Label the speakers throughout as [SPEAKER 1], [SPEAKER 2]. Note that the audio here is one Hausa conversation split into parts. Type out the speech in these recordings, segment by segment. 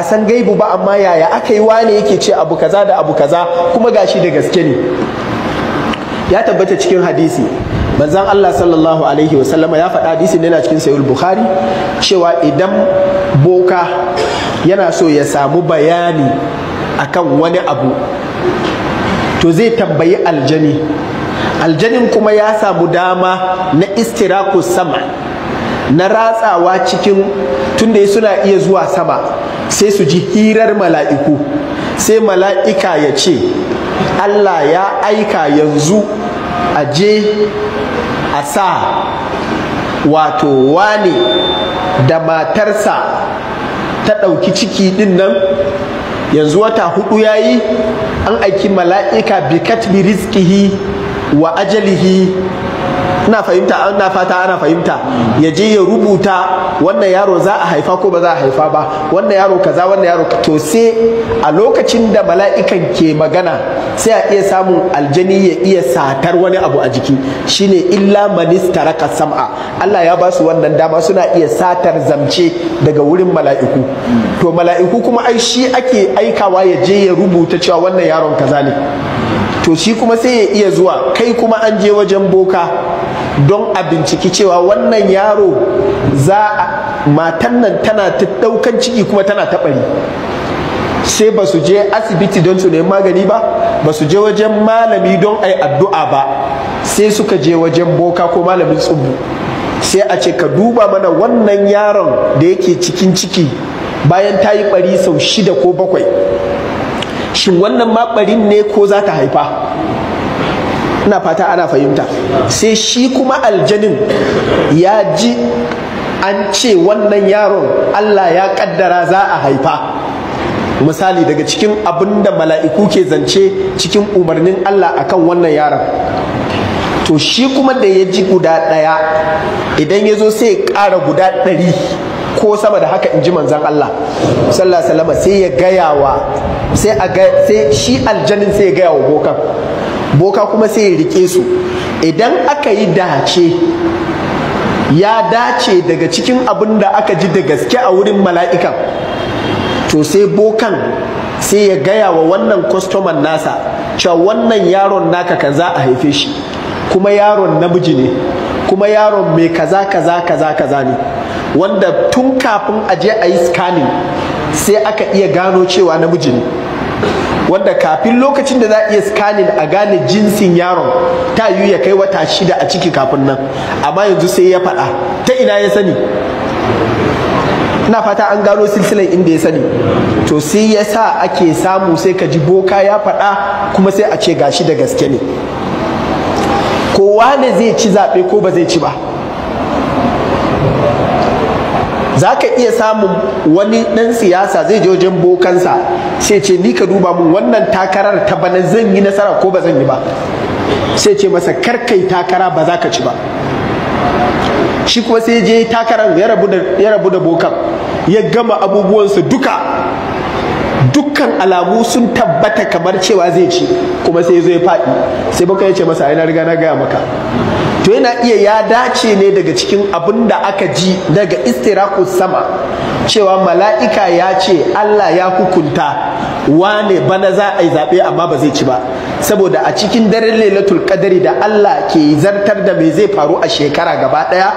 [SPEAKER 1] a san gaibu ba amma yaya aka yi wane yake ce abu kaza da abu kaza kuma gashi da gaske ne ya tabbata cikin hadisi manzan Allah sallallahu alaihi wasallama ya faɗa hadisi ne na cikin sayul bukhari cewa idan boka yana so ya samu bayani akan wani abu to zai tambayi aljani aljanin kuma ya samu dama na istirakus sama na ratsawa cikin tunda suna iya zuwa sama sai su ji hirar mala'iku sai mala'ika ya ce Allah ya aika yanzu a je a sa wato wane da matarsa ta ɗauki ciki ɗin nan yanzu wata hudu ya yi an aiki mala'ika bi katbi rizkihi wa ajalihi ina fahimta ina fata ana fahimta yaje ya rubuta wannan yaro za a haifa ko ba za a haifa ba wannan yaro kaza wannan yaro to sai a lokacin da mala'ikan ke magana sai a iya samun aljani ya iya satar wani abu a jiki shine illa ka sam'a Allah ya ba su wannan dama suna iya satar zamce daga wurin mala'iku to mala'iku kuma ai shi ake aikawa yaje ya rubuta cewa wannan yaron kaza ne to shi kuma sai ya iya zuwa kai kuma an je wajen boka don a binciki cewa wannan yaro za a matan nan tana ta daukan ciki kuma tana taɓari sai ba su je asibiti don su nemi magani ba ba su je wajen malami don a addu'a ba sai suka je wajen boka ko malamin tsubu sai a ce ka duba mana wannan yaron da yake cikin ciki bayan ta yi ɓari sau shida ko bakwai shin wannan maɓarin ne ko za ta haifa ina fata ana fahimta sai shi kuma aljanin ya ji an ce wannan yaron Allah ya kaddara za a haifa misali daga cikin abin da mala'iku ke zance cikin umarnin Allah a kan wannan yaron to shi kuma da ya ji guda ɗaya idan ya zo sai ya ƙara guda ɗari ko sama da haka in ji manzan Allah sallallahu alaihi wasallam sai ya gaya wa sai a ga sai shi aljanin sai ya gaya wa bokan boka kuma sai ya rike su idan aka yi dace ya dace daga cikin abin da aka ji da gaske a wurin mala'ika to sai bokan sai ya gaya wa wannan kwastoman nasa cewa wannan yaron naka za a haife shi kuma yaron namiji ne kuma yaron mai kaza kaza kaza kaza ne wanda tun kafin a je a yi scanning sai aka iya gano cewa namiji ne wanda kafin lokacin da za a iya scanning a gane jinsin yaron ta yiwu ya kai wata shida a ciki kafin nan amma yanzu sai ya faɗa ta ina ya sani ina fata an gano silsilar inda ya sani to sai ya sa ake samu sai ka ji boka ya faɗa kuma sai a ce gashi da gaske ne kowa ne zai ci zaɓe ko ba zai ci ba za ka iya samun wani ɗan siyasa zai je wajen bokansa sai ce ni ka duba mun wannan takarar ta bana zan yi nasara ko ba zan yi ba sai ce masa karkai takara ba za ka ci ba shi kuma sai je takarar ya rabu da bokan ya gama abubuwansa duka dukkan alamu sun tabbata kamar cewa zai ci kuma sai zo ya faɗi sai baka ya ce masa ai riga na gaya maka to yana iya ya dace ne daga cikin abin da aka ji daga istiraku sama cewa mala'ika ya ce Allah ya hukunta wane bana za a yi zaɓe amma ba zai ci ba saboda a cikin daren lailatul qadari da Allah ke zartar da mai zai faru a shekara gaba daya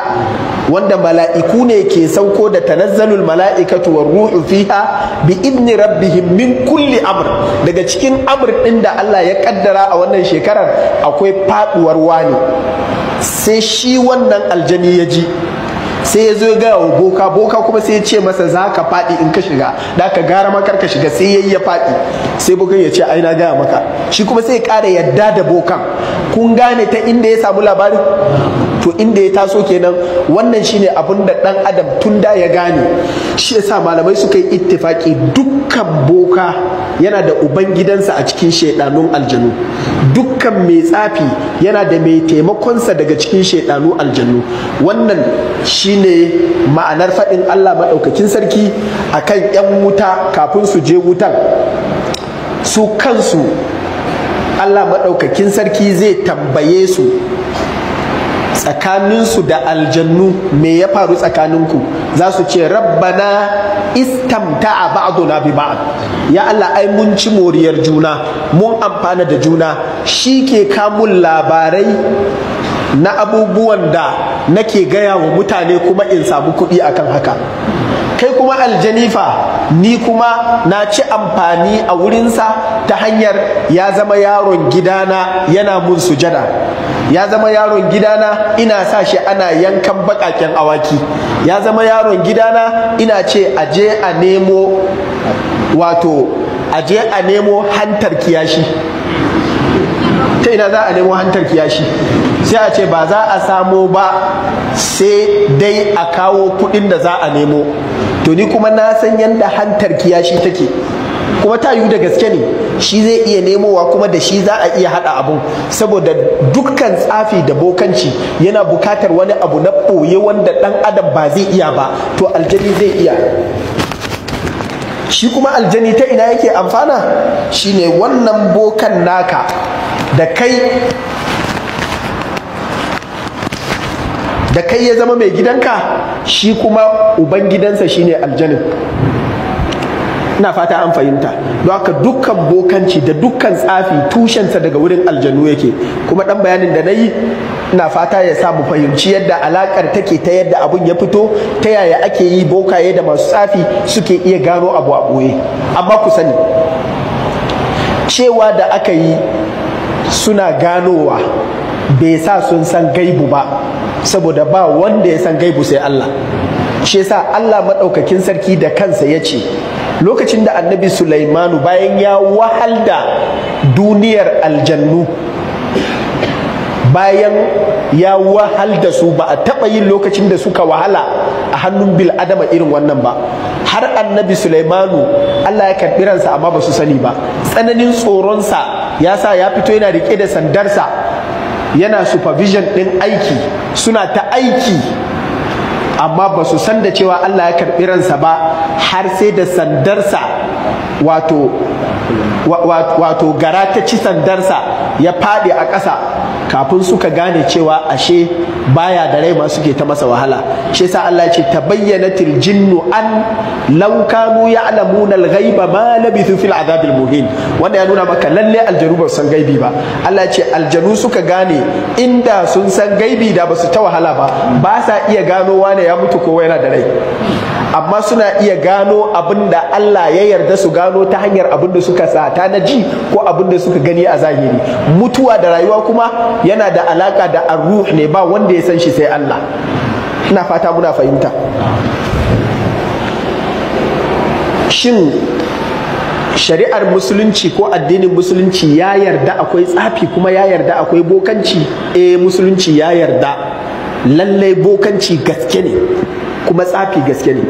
[SPEAKER 1] wanda mala'iku ne ke sauko da tanazzalul mala'ikatu war ruhu fiha bi idni rabbihim min kulli amr daga cikin amr din da Allah ya kaddara a wannan shekarar akwai faduwar wani sai shi wannan aljani ya ji sai ya zo ga wa boka boka kuma sai ya ce masa za ka faɗi in ka shiga da ka gara makar ka shiga sai yi ya faɗi sai bokan ya ce ai na gaya maka shi kuma sai ya ƙara yadda da bokan kun gane ta inda ya samu labarin to inda ya taso kenan wannan shine abin da dan adam tun da ya gane shi yasa malamai suka yi ittifaki dukkan boka yana da uban gidansa a cikin shaidanun aljanu dukkan mai tsafi yana da mai taimakonsa daga cikin shaidanun aljanu wannan shi shine ma'anar faɗin Allah maɗaukakin sarki a kan 'yan wuta kafin su je wutan su kansu Allah maɗaukakin sarki zai tambaye su tsakaninsu da aljannu me ya faru tsakaninku za su ce rabbana istamta a ba'duna bi ba'ad ya Allah ai mun ci moriyar juna mun amfana da juna shi ke kamun labarai na abubuwan da nake gaya wa mutane kuma in samu kuɗi akan haka kai kuma aljanifa ni kuma na ci amfani a wurinsa ta hanyar ya zama yaron gidana yana mun sujada ya zama yaron gidana ina sa shi ana yankan bakaken awaki ya zama yaron gidana ina ce aje a nemo wato aje a nemo hantar kiyashi ta ina za a nemo hantar kiyashi sai a ce ba za a samo ba sai dai a kawo kudin da za a nemo to ni kuma na san yadda hantar kiyashi take kuma ta yiwu da gaske ne shi zai iya nemowa kuma da shi za a iya hada abun saboda dukkan tsafi da bokanci yana bukatar wani abu na ɓoye wanda dan adam ba zai iya ba to aljani zai iya shi kuma aljani ta ina yake amfana shine wannan bokan naka da kai da kai ya zama mai gidanka shi kuma uban gidansa shine aljanin ina fata an fahimta don haka dukkan bokanci da dukkan tsafi tushensa daga wurin aljanu yake kuma dan bayanin da na yi ina fata ya sa mu fahimci yadda alakar take ta yadda abun ya fito ta yaya ake yi bokaye da masu tsafi suke iya gano abu a ɓoye amma ku sani cewa da aka yi suna ganowa bai sa sun san gaibu ba saboda ba wanda ya san gaibu sai Allah shi yasa Allah maɗaukakin sarki da kansa ya ce lokacin da annabi Sulaimanu bayan ya wahal da duniyar aljannu bayan ya wahal da su ba a taɓa yin lokacin da suka wahala a hannun bil adama irin wannan ba har annabi Sulaimanu Allah ya karɓi ransa amma ba su sani ba tsananin tsoronsa ya sa ya fito yana rike da sandarsa yana supervision ɗin aiki suna ta aiki amma ba su san da cewa Allah ya karɓi ransa ba har sai da sandarsa wato wato gara ta ci sandarsa ya faɗi a ƙasa kafin suka gane cewa ashe baya da rai ma suke ta masa wahala shi sa Allah ce tabayyanatil jinnu an law kanu ya'lamuna al-ghaiba ma labithu fil azabil muhin wanda ya nuna maka lalle aljanu ba san gaibi ba Allah ce aljanu suka gane inda sun san gaibi da basu ta wahala ba ba sa iya gano wane ya mutu ko yana da rai amma suna iya gano abin da Allah ya yarda su gano ta hanyar abin da suka sata na ji ko abin da suka gani a zahiri mutuwa da rayuwa kuma yana da alaka da arruh ne ba wanda ya san shi sai Allah ina fata muna fahimta shin shari'ar musulunci ko addinin musulunci ya yarda akwai tsafi kuma ya yarda akwai bokanci eh musulunci ya yarda lallai bokanci gaske ne kuma tsafi gaske ne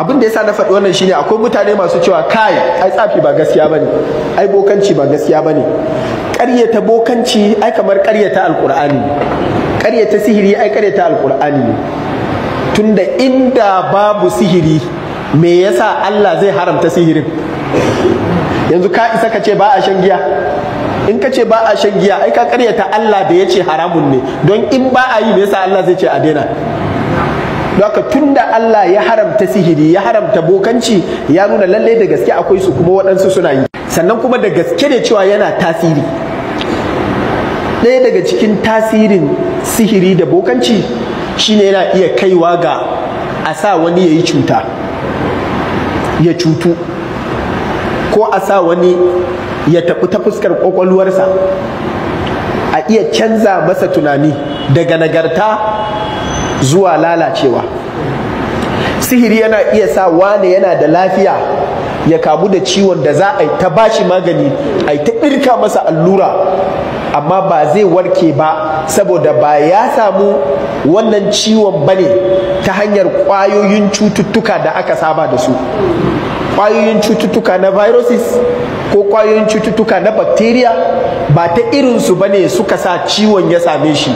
[SPEAKER 1] abin da yasa na faɗi wannan shine akwai mutane masu cewa kai ai tsafi ba gaskiya bane ai bokanci ba gaskiya bane ƙaryata bokanci ai kamar ƙaryata alƙur'ani ƙaryata sihiri ai ƙaryata alƙur'ani ne. tunda inda babu sihiri me yasa Allah zai haramta sihirin yanzu ka isa ka ce ba a shan giya in ka ce ba a shan giya ai ka karyata Allah da ya ce haramun ne don in ba a yi me yasa Allah zai ce a daina haka tunda Allah ya haramta sihiri ya haramta bokanci ya nuna lallai da gaske akwai su kuma waɗansu suna yi sannan kuma da gaske ne cewa yana tasiri ɗaya daga cikin tasirin sihiri da bokanci shine yana iya kaiwa ga a sa wani ya yi cuta ya cutu ko a sa wani ya tafi ta fuskar kwakwalwarsa a iya canza masa tunani daga nagarta zuwa lalacewa sihiri yana iya sa wane yana da lafiya ya kamu da ciwon da za a yi ta bashi magani a yi ta ɗirka masa allura amma ba zai warke ba saboda ba ya samu wannan ciwon bane ta hanyar ƙwayoyin cututtuka da aka saba da su kwayoyin cututtuka na viruses ko kwayoyin cututtuka na bacteria ba ta irinsu ba ne suka sa ciwon ya same shi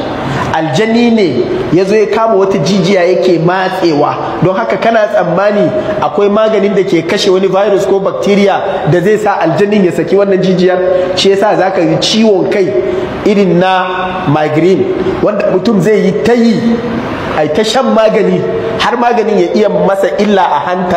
[SPEAKER 1] aljani ne ya zo ya kama wata jijiya yake matsewa don haka kana tsammani akwai maganin da ke kashe wani virus ko bacteria da zai sa aljanin ya saki wannan jijiyar shi yasa za ka yi ciwon kai irin na migraine wanda mutum zai yi ta yi a ta shan magani har maganin ya iya masa illa a hanta